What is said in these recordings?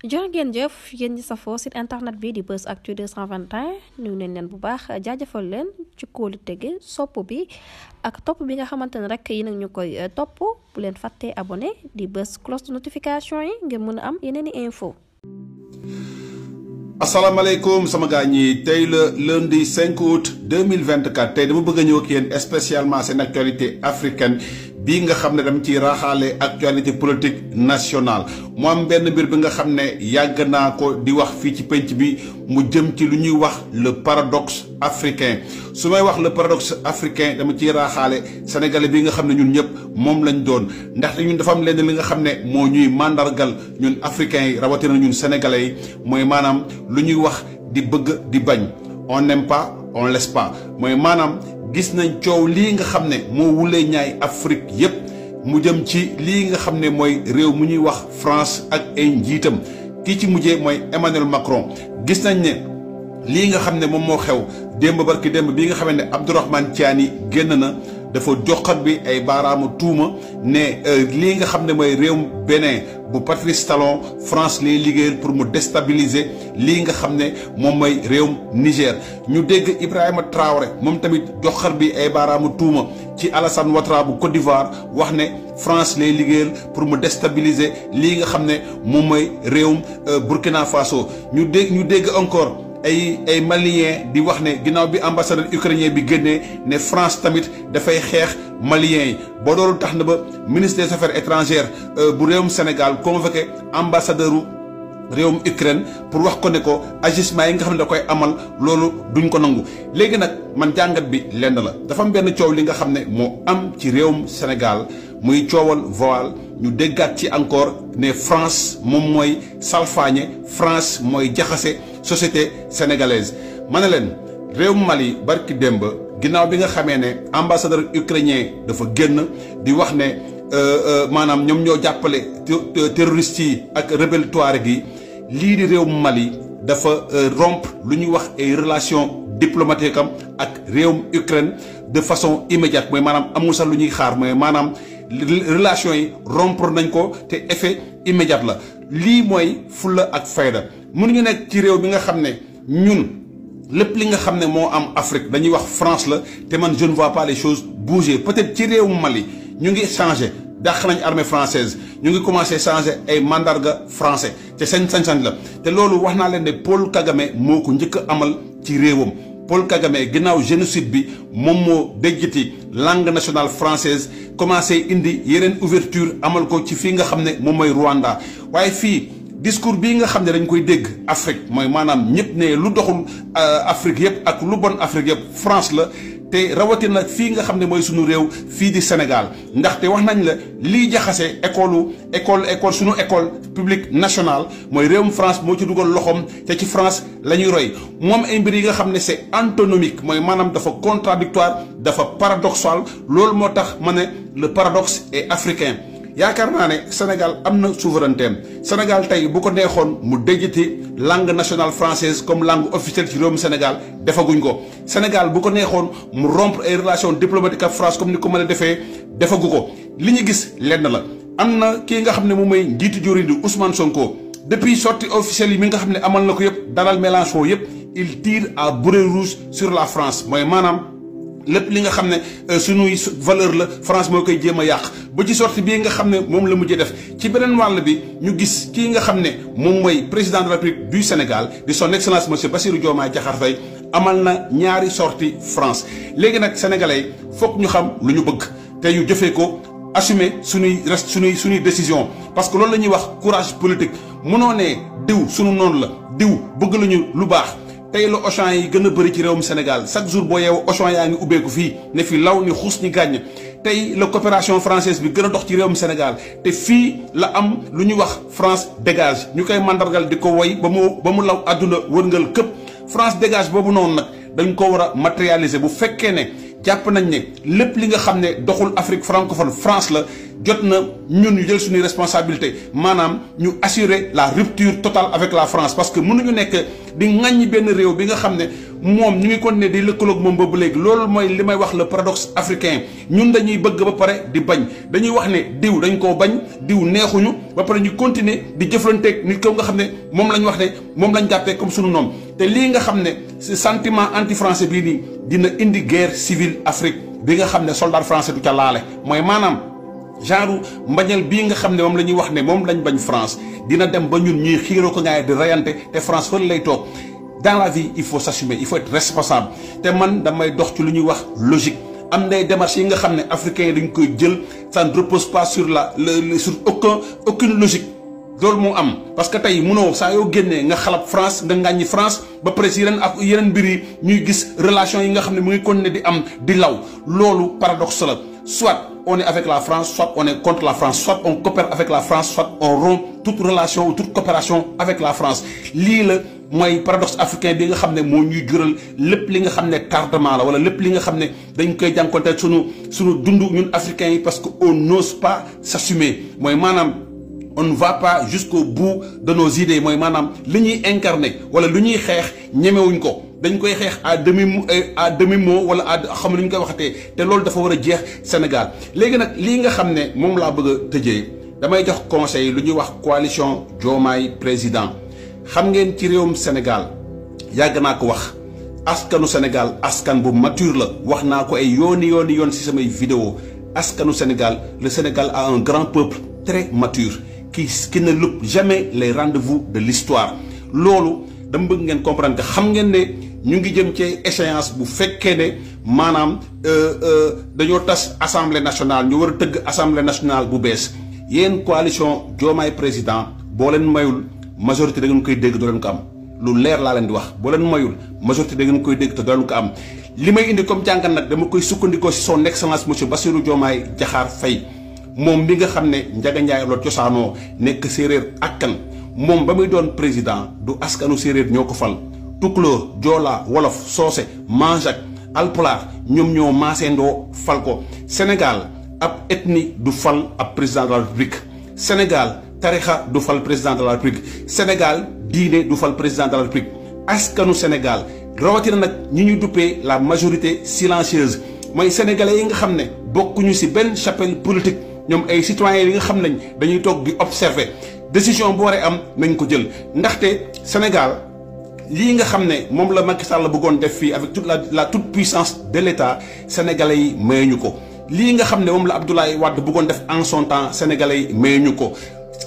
jërë ngeen jëf yéen ñi safoo site internet bi di bës Actu 221 nuyu nañ leen bu baax jaajëfal leen ci kóolu tege sopp bi ak topp bi nga xamante ne rek yi nag ñu koy euh, topp bu leen fàttee abone di bës cloche de notification yi ngir mën a am yeneen i info asalaamaaleykum sama gaa ñi tey la lundi 5 août 2024 tey dama bëgg a ñëw ak yéen spécialement seen actualité africaine bii nga xam ne dama ciy raaxaale actualité politique nationale mu am benn mbir bi nga xam ne yàgg naa ko di wax fii ci pénc bi mu jëm ci lu ñuy wax le paradoxe africain su may wax le paradoxe africain dama ci raaxaale sénégalais bi nga xam ne ñun ñëpp moom lañ doon ndaxte ñu dafa am lenn li nga xam ne moo ñuy màndargal ñun africains yi rawatina ñun sénégalais yi mooy maanaam lu ñuy wax di bëgg di bañ on n'aime pas on laisse pas mooy maanaam gis nañ coow lii nga xam ne moo wulee ñaay Afrique yépp mu jëm ci lii nga xam ne mooy réew mu ñuy wax France ak ay njiitam kii ci mujjee mooy Emmanuel Macron gis nañ ne lii nga xam ne moom moo xew démb barki démb bi nga xam ne Abdourahmane Tiani génn na dafa joxat bi ay baaraamu tuuma ne euh, lii nga xam ne mooy réewum Bénin bu Patrice Talon France lay liggéeyal pour mu déstabiliser lii nga xam ne moom mooy réewum Niger ñu dégg Ibrahima Traoré moom tamit joxar bi ay baaraamu tuuma ci Alassane Ouattara bu Côte d'Ivoire wax ne France lay liggéeyal pour mu déstabiliser lii nga xam ne moom mooy réewum euh, Burkina Faso ñu dégg ñu dégg encore ay ay malien di wax ne ginnaaw bi ambassadeur ukrainien bi génnee ne France tamit dafay xeex malien yi ba loolu tax na ba ministre des affaires étrangères euh, bu réewum Sénégal convoqué ambassadeur réewum Ukraine pour wax ko ne ko agissement yi nga xam ne da koy amal loolu duñ ko nangu léegi nag man jàngat bi lenn la dafa am benn coow li nga xam ne moo am ci réewum Sénégal muy coowal voile ñu déggaat ci encore ne France moom mooy salfaañe France mooy jaxase société sénégalaise ma ne leen réewum Mali barki démb ginnaaw bi nga xamee ne ambassadeur ukrainien dafa génn di wax ne euh, euh, maanaam ñoom ñoo jàppale terroristes yi ak rebelle gi lii di réewum Mali dafa euh, rompre lu ñuy wax ay relations diplomatiques am ak réewum Ukraine de façon immédiate mooy maanaam amul sax lu ñuy xaar mooy maanaam relations yi rompre nañ ko te effet immédiat la lii mooy fulla ak fayda mënuñu nekk ci réew bi nga xam ne ñun lépp li nga xam ne moo am Afrique dañuy wax France la te man je ne vois pas les choses être ci réewu Mali ñu ngi changé dàq nañ armée française ñu ngi commencé changé ay mandarga français te sañ sañ-sañ la te loolu wax naa leen ne Paul Kagame moo ko njëkk a amal ci réewam Paul Kagame ginnaaw génocide bi moom moo déjjati langue nationale française commencé indi yeneen ouverture amal ko ci fii nga xam ne moom mooy waaye fii discours bii nga xam ne dañ koy dégg Afrique mooy maanaam ñëpp ne lu doxul euh, Afrique yëpp ak lu bon Afrique yëpp France la te rawatina fii nga xam ne mooy suñu réew fii di Sénégal ndaxte wax nañ la liy jaxase école u école école suñu école publique nationale mooy réewum France moo ci dugal loxoom te ci France la ñuy roy moom ay mbir yi nga xam ne c'est antinomique mooy maanaam dafa contradictoire dafa paradoxal loolu moo tax ma ne le paradox et africain yaakaar naa ne Sénégal am na souveraineté am Sénégal tey bu ko neexoon mu déjati langue nationale française comme langue officielle ci réewum Sénégal defaguñ ko. Sénégal bu ko neexoon mu rompre ay relation diplomatiques ak France comme ni ko mën a defee defagu ko li ñu gis lenn la am na kii nga xam ne moom may njiitu jëwriñ di Ousmane Sonko depuis sortie officielle yi mi nga xam ne amal na ko yëpp dalal Mélenchon yëpp il tire à boulet rouge sur la France mooy maanaam. lépp li nga xam ne euh, suñuy valeur la France moo koy jéem a yàq ba ci sortie bii nga xam ne moom la mujjee def ci beneen wàll bi ñu gis kii nga xam ne moom mooy président de la République du Sénégal di son excellence monsieur Bassirou Diomaye Diakhar Faye amal na ñaari sortie France léegi nag sénégalais foog ñu xam lu ñu bëgg te yu jëfee ko assumer suñuy rest suñuy suñuy décision parce que loolu la ñuy wax courage politique mënoo ne diw suñu noonu la diw bëgg lañu lu baax tey la Auchan yi gën a bëri ci réewum Sénégal chaque jour boo yeewu Auchan yaa ngi ubbeeku fii ne fi law ni xuus ni gàññ tey la coopération française bi gën a dox ci réewum Sénégal te fii la am lu ñu wax France dégage ñu koy mandargal di ko woy ba mu ba mu law àdduna wërngal këpp France dégage boobu noonu nag dañ ko war a matérialiser bu fekkee ne jàpp nañ ne lépp li nga xam ne doxul Afrique francophone France la jot na ñun ñu jël suñuy responsabilité maanaam ñu assurer la rupture totale avec la France parce que mënuñu nekk di ŋàññi benn réew bi nga xam ne. moom ñu ngi continuer di lëkkaloog moom boobu léegi loolu mooy li may wax le paradoxe africain ñun dañuy bëgg ba pare di bañ dañuy wax ne diw dañ koo bañ diw neexuñu ba pare ñu continuer di jëflanteeg nit ko nga xam ne moom la ñu wax ne moom lañ jàppee comme suñu noom te lii nga xam ne ce sentiment anti français bii nii dina indi guerre civile Afrique bi nga xam ne soldat français du ca laale mooy maanaam genre mbañeel bii nga xam ne moom la ñuy wax ne moom lañ bañ France dina dem ba ñun ñuy xiiroo ko ngaay di rayante te France fan lay toog dans la vie il faut s'assumer il faut être responsable te man damay dox ci lu ñuy wax logique am nay démarches yi nga xam ne africains yi dañ koy jël sa ne repose pas sur la sur aucun aucune logique loolu moo am parce que tey mënoo saa yoo génnee nga xalab France nga ngàññi France ba pare si yeneen ak yeneen mbir yi ñuy gis relation yi nga xam ne mu ngi continuer di am di law loolu paradoxe la soit on est avec la France soit on est contre la France soit on coopère avec la France on rompt toute relation ou coopération avec la France la mooy paradoxe africain bi nga xam ne moo ñuy jural lépp li nga xam ne tardement la wala lépp li nga xam ne dañ koy jànkonteel sunu sunu dund ñun africain yi parce que on n'ose pas s'assumer mooy maanaam on va pas jusqu'au bout de nos idées mooy maanaam li ñuy incarner wala lu ñuy xeex ñemewuñ ko dañ koy xeex à demi à demi mot wala à xam lu ñu koy waxatee te loolu dafa war a jeex Sénégal léegi nag lii nga xam ne moom laa bëgg a tëjee damay jox conseil lu ñuy wax coalition Diomaye président xam ngeen ci réewum Sénégal yàgg naa ko wax askanu Sénégal askan bu mature la wax naa ko ay yooni yooni yoon ci samay vidéo askanu Sénégal le Sénégal a un grand peuple très mature qui qui ne loupe jamais les rendez-vous de l'histoire loolu dama bëgg ngeen comprendre que xam ngeen ne ñu ngi jëm ci échéance bu fekkee ne maanaam euh, euh, dañoo tas assemblée nationale ñu war a tëgg assemblée nationale bu bees yéen coalition Diomaye président boo leen mayul majorité da ngeen koy dégg doo leen ko am lu leer laa leen di wax boo leen moyul majorité da ngeen koy dégg te doo leen ko am li may indi comme jàngat nag dama koy sukkandikoo si son excellence monsieur Bassirou Diomaye Diakhar fay moom mi nga xam ne Ndiaga Ndiaye cosaanoo nekk séeréer akkan moom ba muy doon président du askanu séeréer ñoo ko fal tukulóor joola wolof soose manjak alpulaar ñoom ñoo ndoo fal ko Sénégal ab ethnie du fal ab président de la Sénégal tarixa du fal président de la république Sénégal diine du fal président de la république askanu Sénégal rawatina nag ñi ñu duppee la majorité silencieuse mooy sénégalais yi nga xam ne bokkuñu ci benn chapelle politique ñoom ay citoyens yi nga xam nañ dañuy toog di observer décision bu waree am nañ ko jël ndaxte Sénégal. lii nga xam ne moom la Macky Sall bëggoon def fii avec toute la la toute puissance de l'État sénégalais yi ñu ko lii nga xam ne moom la Abdoulaye Wade bëggoon def en son temps sénégalais yi mayuñu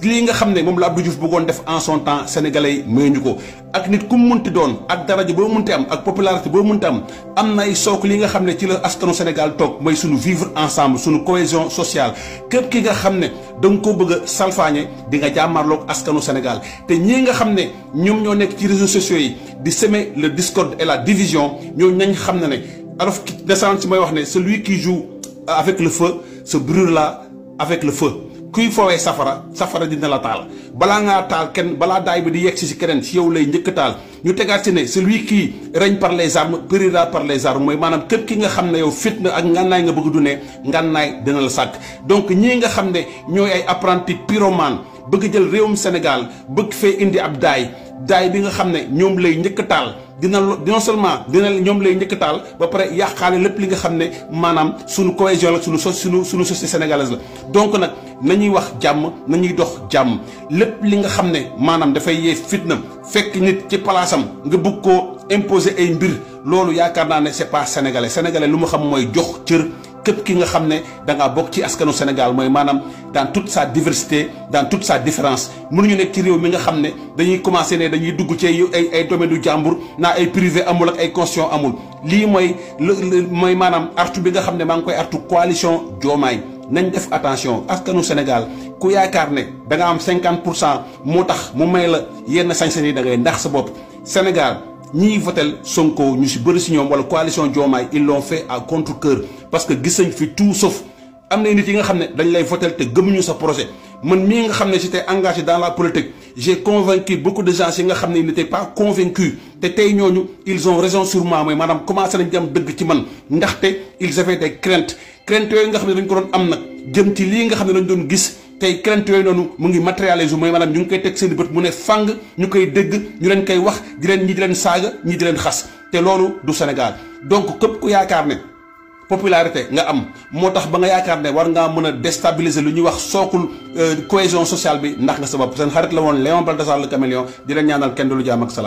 lii nga xam ne moom la Abdou Diouf bëggoon def en son temps sénégalais yi mayuñu ko ak nit ku mu munti doon ak daraja boo munti am ak popularité boo munti am am na ay sook li nga xam ne ci la askanu Sénégal toog mooy suñu vivre ensemble suñu cohésion sociale képp ki nga xam ne danga nga ko bëgg a salfaañe di nga jàmmarloog askanu Sénégal te ñii nga xam ne ñoom ñoo nekk ci réseau sociaux yi di semer le discorde et la division ñooñu nañ xam ne ne alors que descente ci may wax ne celui qui joue avec le feu se brûle là avec le feu kuy foowee safara safara dina la taal balaa ngaa taal kenn balaa daay bi di yegsi si keneen si yow lay njëkk taal ñu tegaat si ne celui qui règne par les armes périra par les armes mooy maanaam képp ki nga xam ne yow fitna ak ngànnaay nga bëgg du ne ngànnaay dina la sàkk donc ñii nga xam ne ñooy ay apprenti pyromane bëgg jël réewum Sénégal bëgg fee indi ab daay daay bi nga xam ne ñoom lay njëkk taal dina non seulement dina ñoom lay njëkk taal ba pare yàqaale lépp li nga xam ne maanaam suñu cohésion la suñu suñu suñu sosi sénégalaise la donc nag nañuy wax jàmm na ñuy dox jàmm lépp li nga xam ne maanaam dafay yee fitna fekk nit ci palaasam nga bugg koo imposer ay mbir loolu yaakaar naa ne c'est pas sénégalais sénégalais lu mu xam mooy jox cër képp ki nga xam ne da ngaa bokk ci askanu Sénégal mooy maanaam dans tout sa diversité dans tout sa différence mënuñu nekk ci réew mi nga xam ne dañuy commencé ne dañuy dugg ci ay ay domaine jàmbur naa ay privé amul ak ay constitution amul lii mooy mooy maanaam artu bi nga xam ne maa ngi koy artu coalition Diomaye nañ def attention askanu Sénégal ku yaakaar ne da nga am cinquante pour cent moo tax mu may la yenn sañ-sañ ndax sa bopp Sénégal ñiy votel Sonko ñu si bëri si ñoom wala coalition Diomaye ils l'ont fait à contre-cœur parce que gis nañ fi tout sauf am na nit yi nga xam ne dañ lay votel te gëmuñu sa projet man mii nga xam ne si j'étais engagé dans la politique j'ai convaincu beaucoup de gens yi nga xam ne ils n'étaient pas convaincus te tey ñooñu ils ont raison sur mooy maanaam commencé nañ di dëgg ci man ndaxte ils avaient des craintes craintes yooyu nga xam ne dañ ko doon am nag jëm lii nga xam ne dañ doon gis tey crainte yooyu noonu mu ngi matérialiser mooy maanaam ñu ngi koy teg seen bët mu ne fang ñu koy dégg ñu leen koy wax di leen ñi di leen saaga ñi di leen xas te loolu du Sénégal donc képp ku yaakaar ne popularité nga am moo tax ba nga yaakaar ne war ngaa mën a déstabiliser lu ñuy wax sookul euh, cohésion sociale bi ndax nga sabab seen xarit la woon Léon Baltasar le caméléon di leen ñaanal kenn du lu jaam ak